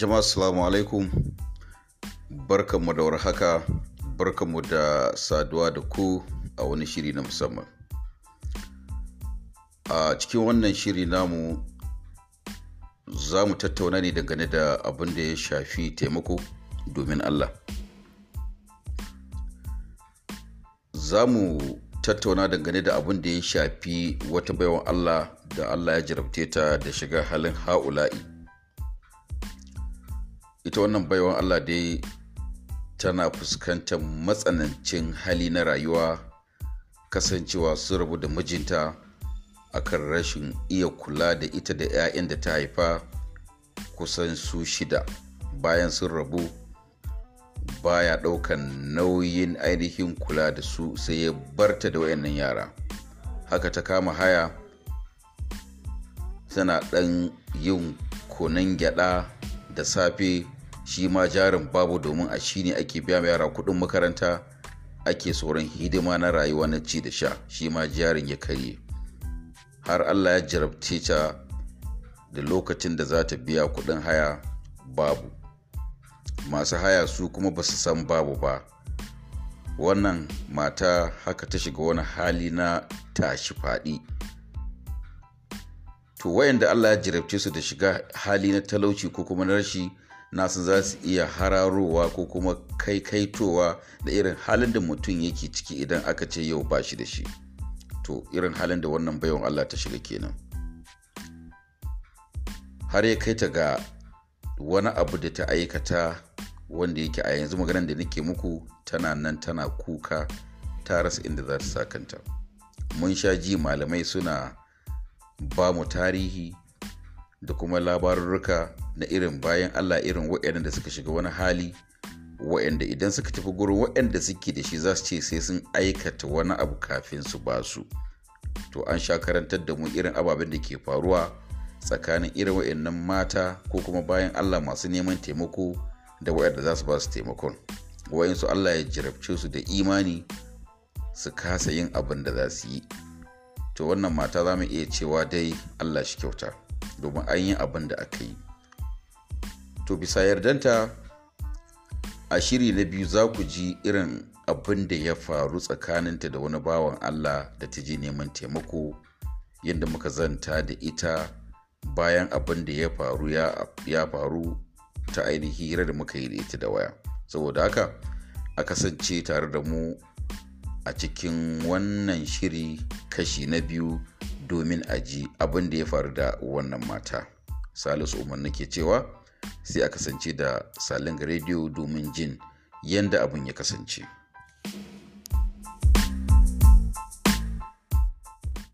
jama'a salamu alaikum barkanmu da warhaka barkanmu da saduwa da ku a wani shiri na musamman a cikin wannan shiri namu za mu tattauna ne dangane da abin da ya shafi taimako domin allah za mu tattauna dangane da abin da ya shafi wata baiwan allah da allah ya jarabte ta da shiga halin ha'ula'i ita wannan baiwan Allah dai tana fuskantar matsanancin hali na rayuwa kasancewa sun rabu da mijinta akan rashin iya kula da ita da 'ya'yan da ta haifa kusan su shida bayan sun rabu baya ɗaukan nauyin ainihin kula da su sai ya barta da wayannan yara haka ta kama haya tana ɗan yin kunan gyaɗa da safe shi ma jarin babu domin a shi ne ake biya yara kuɗin makaranta ake tsoron hidima na rayuwa na ci da sha shi ma jarin ya karye har allah ya jarabce ta da lokacin da za ta biya kuɗin haya babu masu haya su kuma ba su san babu ba wannan mata haka ta shiga wani hali na tashi faɗi to wayanda Allah ya jirabce su da shiga hali na talauci ko kuma na rashi na zasu za su iya hararowa ko kuma kaikaitowa da irin halin da mutum yake ciki idan aka ce yau ba shi da shi to irin halin da wannan baiwan Allah ta shiga kenan har ya kai ta ga wani abu da ta aikata wanda yake a yanzu maganar da nake muku tana nan tana kuka ta rasa inda za ta sa kanta mun sha ji malamai suna ba mu tarihi da kuma labarurruka na irin bayan Allah irin wa'yan da suka shiga wani hali waɗanda idan suka tafi gurin waɗanda suke da shi za su ce sai sun aikata wani abu kafin su ba su to an sha karantar da mu irin ababen da ke faruwa tsakanin irin waɗannan mata ko kuma bayan Allah masu neman taimako da wa'anda za su ba su taimakon wayansu Allah ya jirabce su da imani su kasa yin abin da za su yi to wannan mata za mu iya cewa dai allah shi kyauta domin an yi abin da aka yi to bisa yardanta a shiri na biyu za ku ji irin abin da ya faru tsakaninta da wani bawan allah da ta je neman taimako yadda muka zanta da ita bayan abin da ya faru ya faru ta ainihi hira da muka yi da ita da waya saboda haka a kasance tare da mu a cikin wannan shiri kashi na biyu domin a ji abin da ya faru da wannan mata salisu umar ke cewa sai a kasance da saling rediyo domin jin yadda abin ya kasance